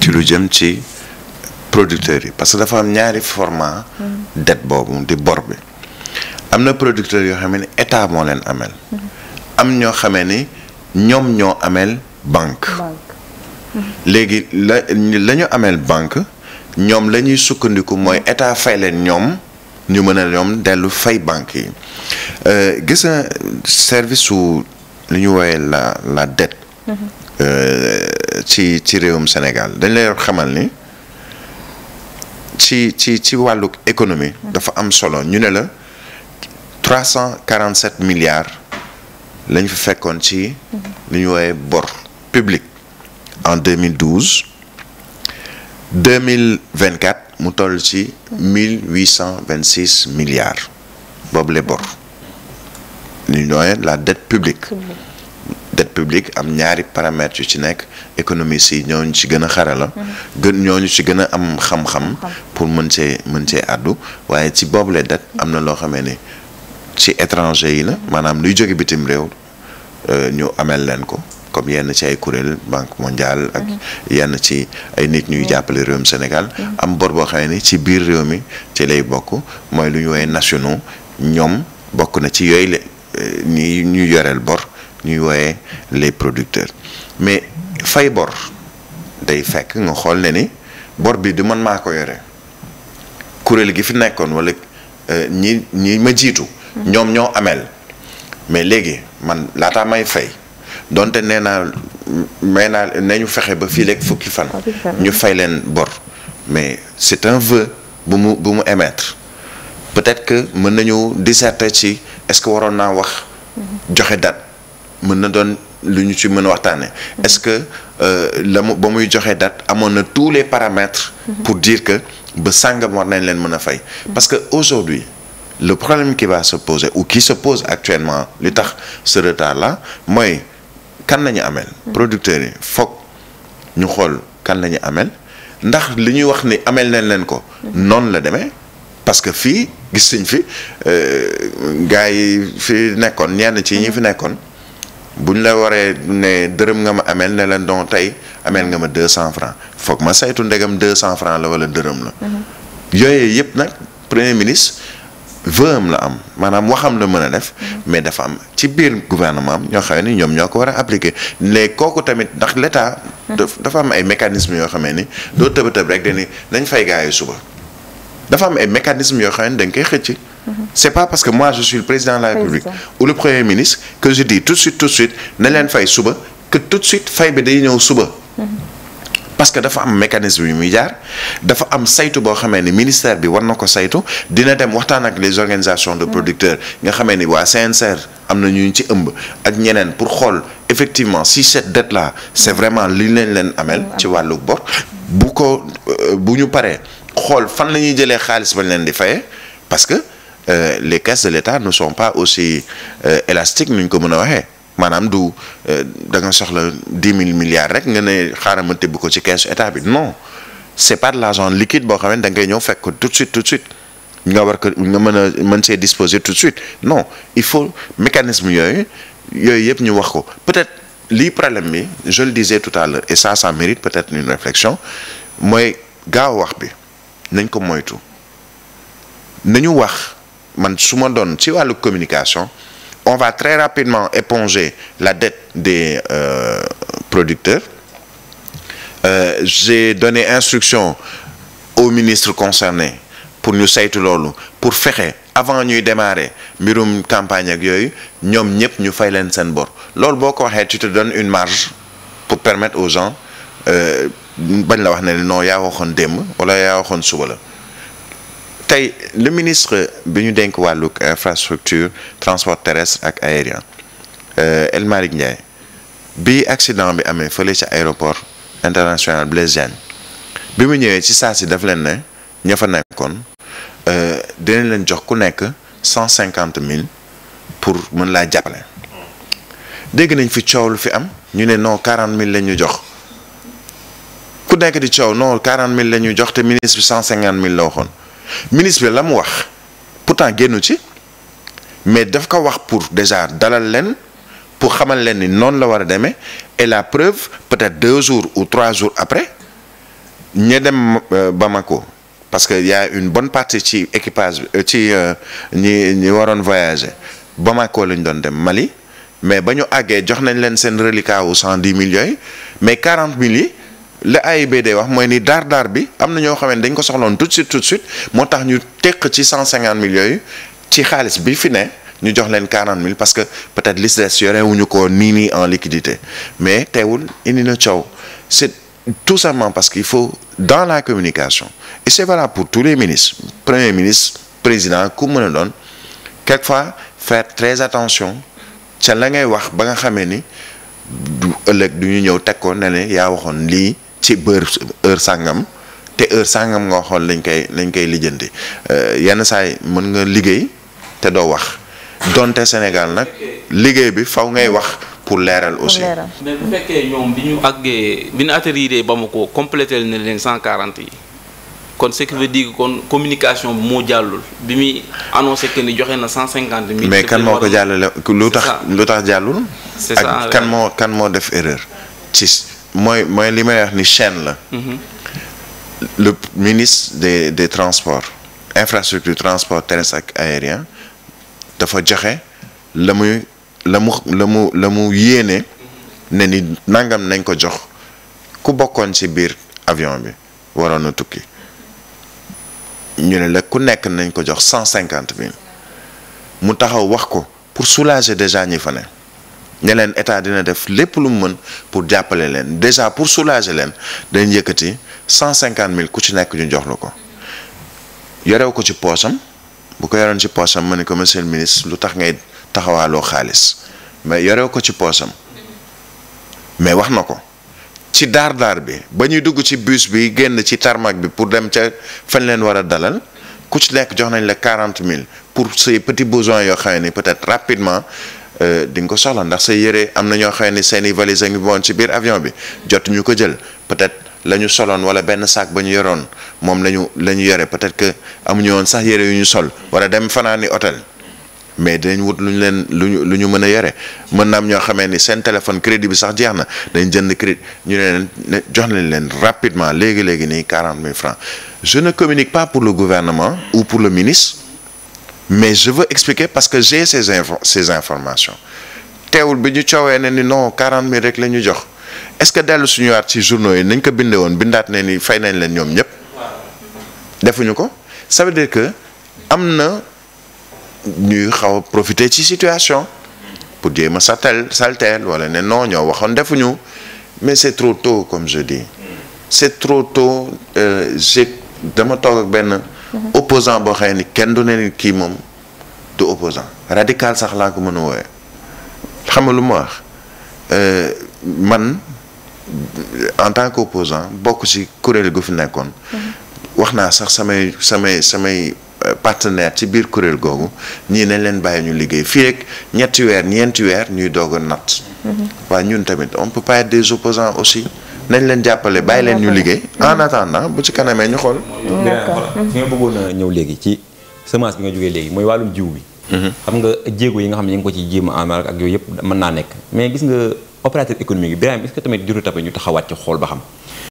ci lu jëm ci producteur yi parce que dafa am ñaari format dette boobu di bor bi am na producteurs yoo xam ne état moo leen amel am ñoo xamee ni ñoom ñoo ameel banque léegi la la ñu amel ñoom la ñuy sukkandiku mooy état fay leen ñoom ñu mën a ñoom dellu fay banque yi euh, gis service su lu ñu woowee la la dette mm-hmm. Euh, ci ci réewum Sénégal dañ lay xamal ni ci ci ci wàllu économie. dafa am solo ñu ne la trois cent quarante sept milliards lañ fa fekkoon ci. li ñu woowee bor public en deux mille douze deux mille vingt quatre mu toll ci mille huit cent vingt six milliards boobu la bor ñu woowee la dette publique. dette publique am ñaari paramètres yu ci nekk si yi ñu ci gën a xarala. Mm-hmm. gën ñoo ñu ci gën a am xam-xam. pour mën cee mën cee àddu waaye ci boobule dette am na loo xamee ni ci étranger yi la mm-hmm. maanaam luy jóge bitim réew euh, ñu ameel leen ko. comme yenn ci ay kuréel banque mondiale ak mm-hmm. yenn ci ay nit ñuy jàppale réewum Sénégal am bor boo xam ne ci biir réew mi ci lay bokk mooy lu ñu woowee nationaux ñoom bokk na ci yooyu la ñi euh, ñu yoreel bor ñuy wooyee les producteurs mais fay bor day fekk nga xool ne ni bor bi du man maa ko yore kuréel gi fi nekkoon wala euh, ñi ñi ma jiitu. Hmm. ñoom ñoo ameel mais léegi man laataa may fay donte nee naa may naa nañu fexe ba fii léegi fukki fan. ñu fay leen bor mais c'est un vœu bu mu bu mu émettre peut-être que mën nañu disserter ci est-ce que waroon naa wax hmm. joxe date. mën na doon lu ñu ci mën a waxtaanee mm-hmm. est-ce que euh, la mu ba muy joxe date amoon na tous les paramètres mm-hmm. pour dire ko ba sàngam war nañ leen mën a fay mm-hmm. parce que aujourd'hui le problème qui va se poser ou qui se pose actuellement li tax ce retard là mooy kan nañu ameel amel producteurs yi foog ñu xool kan nañu ameel ndax li ñuy wax ni ameel nañ leen ko noonu la demee parce que fii gis nañ fi euh, gars yi fi nekkoon ñenn ci ñi fi nekkoon bu ñu la waree ne dërëm nga ma ameel ne leen don tey ameel nga ma 200 francs foog ma saytu ndegam 200 francs la wala dërëm la. Mhm. yooyu yëpp nag premier ministre vëm la am maanaam waxam la mën a def. Mhm. mais dafa am ci biir gouvernement am ñoo xam ne ñoom ñoo ko war a appliquer léegi kooku tamit ndax l'État. Mhm. dafa am ay mécanismes yoo xamee ni doo tëb tëb rek dañuy nañ fay gars yi suba. dafa am ay mécanismes yoo xam ne dañ koy xëcc. c'est pas parce que moi je suis le président de la République ou le premier ministre que je dis tout de suite tout de suite na leen fay suba que tout de suite fay bi day ñëw suba parce que dafa am mécanisme yu muy jaar dafa am saytu boo xamee ni ministère bi war na ko saytu dina dem waxtaan ak les organisations de mm. producteurs nga xamee ni waa CNCR am na ñu ci ëmb ak ñeneen pour xool effectivement si cette dette la c'est vraiment li leen leen amel mm. ci wàllu bor bu ko euh, bu ñu paree xool fan la ñuy jëlee xaalis bañ leen di fayee Euh, les caisses de l'État ne sont pas aussi euh, élastiques nu ñu ko mën a waxee maanaam du euh, da nga soxla dix mille milliards rek nga ne xaaral ma tëbb ko ci caisse état bi non c'est pas de l'argent liquide boo xam da ngay ñëw fekk tout de suite tout de nga mën a mën see disposer tout suite non il faut mécanisme yooyu yooyu yëpp ñu wax ko peut-être lii problème bi je le disais tout à l'heure et ça ça mérite peut-être une réflexion mooy gaaw wax bi nañ ko moytu nañu wax. man suma ma doon ci wàllu communication on va très rapidement éponger la dette des euh, producteurs euh, j'ai donné instruction au ministre concerné pour ñu saytu loolu pour fexe avant ñuy démarrer mbirum campagne ak yooyu ñoom ñëpp ñu fay leen seen bor loolu boo ko waxee tu te donnes une marge pour permettre aux gens euh, bañ la wax ne non yaa waxoon démb wala yaa waxoon suba la tey le ministre bi ñu denk wàllu infrastructure transport terrestre ak aérien euh, El Malick bi accident bi amee fële ci aéroport international Blaise Diagne bi mu ñëwee ci saa si daf leen na ña fa nekkoon euh, dinañ leen jox ku nekk cent cinquante mille pour mën laa jàppale. dégg nañ fi coow lu fi am ñu ne non quarante mille la ñu jox ku nekk di coow non quarante mille la ñu jox te ministre bi cent la waxoon. ministre bi la mu wax pourtant génnu ci mais daf ko wax pour déjà dalal leen pour xamal leen ni noonu la war a demee et la preuve peut-être deux jours ou trois jours après ña dem euh, Bamako parce que y une bonne partie ci équipage euh, ci euh, ñi ñi waroon voyager Bamako lañ doon dem Mali mais ba ñu àggee jox nañ leen seen reliquat wu cent dix mille yooyu mais quarante mille yi li ay la AIBD wax mooy ni daar daar bi am na ñoo xam ne dañ ko soxloon tout de suite tout de suite moo tax ñu teq ci cent cinquante mille yooyu ci xaalis bi fi ne ñu jox leen quarante mille parce que peut-être li si des ñu ko nii nii en liquidité mais teewul indi na coow c'est tout simplement parce qu'il faut dans la communication et c'est valable pour tous les ministres premier ministre président ku mën a doon quelquefois faire très attention ca la ngay wax ba nga xamee ni ëllëg du ñu ñëw teg ko ne ne yaa waxoon lii ci bër heure sàngam te heure sàngam nga xool lañ koy lañ koy lijjanti euh, yenn saay mën nga liggéey te doo wax donte Sénégal nag liggéey bi faw ngay wax pour leeral aussi. mais bu fekkee ñoom bi ñu àggee ba ñu ko Bamako complété na cent 140 yi. kon ce qui veut kon communication bi moo jàllul bi muy annoncé que ni joxe na 150 000. mais kan moo ko jàllale lu tax lu tax jàllul. ak kan moo kan moo def erreur ci. mooy mooy li may wax ni chaîne la. Mhm. le ministre des des transports infrastructure transport terrestre ak aérien dafa joxe la muy la mu la mu la mu yéene ne ni nangam nañ ko jox ku bokkoon ci biir avion bi waroon na tukki ñu ne la ku nekk nañ ko jox cent cinquante mille mu taxaw wax ko pour soulager déjà ñi fa ne. ne état dina def lépp lu mu mën pour jàppale leen déjà pour soulager leen dañ yëkkati cent cinquante mille ku ci nekk ñu jox la ko yorew ko ci poosam bu ko yoroon ci poosam ma ne ko monsieur le ministre lu tax ngay taxawaaloo xaalis mais yorew ko ci poosam mais wax na ko ci daar daar bi ba ñuy dugg ci bus bi génn ci tarmac bi pour dem ca fañ leen war a dalal ku ci nekk jox nañ la quarante mille pour ses petits besoins yoo xam ne peut-être rapidement Euh, di nga ko soxla ndax say yére am na ñoo xam ni seen i valise a ngi woon ci biir avion bi jot ñu ko jël peut-être la ñu soloon wala benn saak ba ñu yoroon moom la ñu la ñu yore peut-être que amuñu woon sax yére yu ñu sol wala dem fanaan ni hôtel mais dinañ wut lu ñu leen lu ñu lu ñu mën a yore mën na am ñoo xamee ni seen téléphone crédit bi sax jeex na dañ jënd crédit ñu ne leen jox nañ leen rapidement léegi léegi nii quarante mille francs je communique pas pour le gouvernement ou pour le ministre mais je veux expliquer parce que j'ai ces infos ces informations teewul bi ñu coowee ne ni non quarante mille rek la ñu jox est-ce que dellu suñu waat ci journaux yi nañ ko bindee woon bindaat ne ni fay nañ leen ñoom ñëpp. defuñu ko ça veut dire que am na ñuy xaw a profiter ci situation pour jéem a saltel saltel wala ne non ñoo waxoon defuñu mais c'est trop tôt comme je di c'est trop tôt euh, j'ai dama toog ak benn. opposant boo xamee ni kenn du ne ni kii moom du opposant radical sax laa ko mën a wooyee xam nga lu wax euh, man en tant que opposant bokk ci kuréel gu fi nekkoon mm-hmm. wax naa sax samay samay samay euh, partenaire ci biir kuréel googu ñii nañ leen bàyyi ñu liggéey fii rek ñetti weer ñeenti weer ñuy doog a natt mm-hmm. waaye ñun tamit on peut des opposants aussi nañ leen jàppale bàyyi leen ñu liggéey en attendant bu ci kanamee ñu xool. fi mhm. nga bëggoon a ñëw léegi ci semence bi nga jógee léegi mooy wàllum jiw bi. Mhm. xam nga jéego yi nga xam ne ñu ngi ko ci jéem a ak yooyu yëpp mën naa nekk mais gis nga opérateur économique bi Birame est-ce que tamit juru tamit ñu taxawaat ci xool ba xam